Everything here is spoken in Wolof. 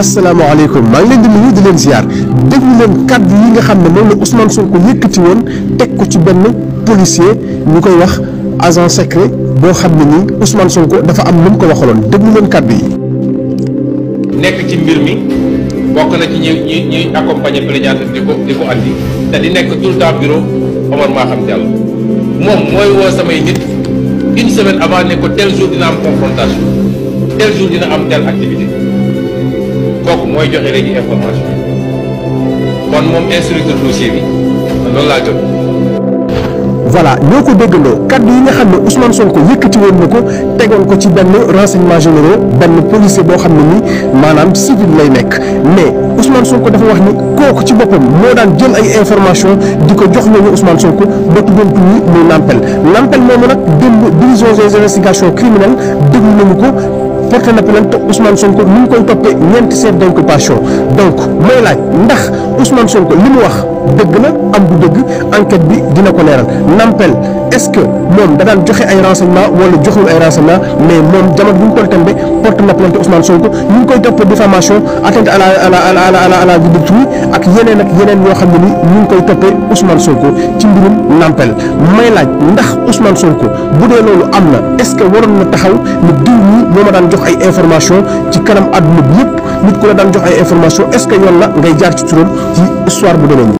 asalaamaaleykum maa ngi leen di nuyu di leen ziar déglu leen kàddu yi nga xam ne moom la Ousmane Sonko yëkkati woon teg ko ci benn policier ñu koy wax agent secret boo xam ne nii Ousmane Sonko dafa am lu mu ko waxaloon déglu leen kàddu yi. nekk ci mbir mi bokk na ci ñuy accompagner plaignante di ko di ko andi te di nekk tout bureau Omar maa xam jàll moom mooy woo samay nit une semaine avant ne ko tel jour dina am confrontation tel jour dina am kooku mooy joxe léegi information kon moom instructeur dossier bi loolu laa gëm. voilà ñoo ko déggandoo kaddu yi nga xam ne Ousmane Sonko yëkkati woon na ko tegoon ko ci benn renseignement benn policier boo xam ne nii maanaam civil lay nekk mais Ousmane Sonko dafa wax ni kooku ci boppam moo daan jël ay information di ko jox ñooñu Ousmane Sonko ba tuddoon tuuti muy nampel nampel moomu nag démb division des investigations criminelles déglu nañu ko. porté na plainte Ousmane Sonko ñu ngi koy toppee ñeenti chef d'inculpation donc mooy laaj ndax Ousmane Sonko li mu wax dëgg la am du dëgg enquête bi dina ko leeral nampel est-ce que moom da daan joxe ay renseignement wala joxul ay renseignement mais moom jamono bu ñu koy tembe porté na plainte Ousmane Sonko ñu ngi koy toppee diffamation atteinte à la à la à la à la à la vie d'autrui ak yeneen ak yeneen yoo xam ne ni ñu ngi koy toppee Ousmane Sonko ci mbirum nampel may laaj ndax Ousmane Sonko bu dee loolu am na est-ce que waroon na taxaw ne diw ñi moo ma daan jox ay information ci kanam àdduna bi yëpp nit ku la daan jox ay information est-ce que yoon la ngay jaar ci turam ci histoire bu demee